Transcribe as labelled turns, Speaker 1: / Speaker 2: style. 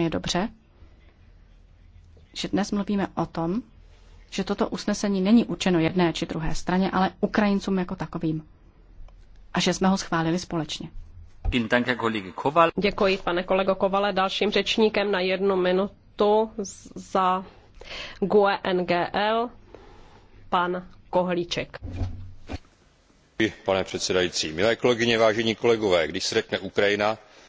Speaker 1: je dobře, že dnes mluvíme o tom, že toto usnesení není učeno jedné či druhé straně, ale Ukrajincům jako takovým. A že jsme ho schválili společně.
Speaker 2: Děkuji, pane kolego Kovale. Dalším řečníkem
Speaker 3: na jednu minutu za GUE NGL pan Kohlíček.
Speaker 4: Pane předsedající, milé kolegyně, vážení kolegové, když se řekne Ukrajina,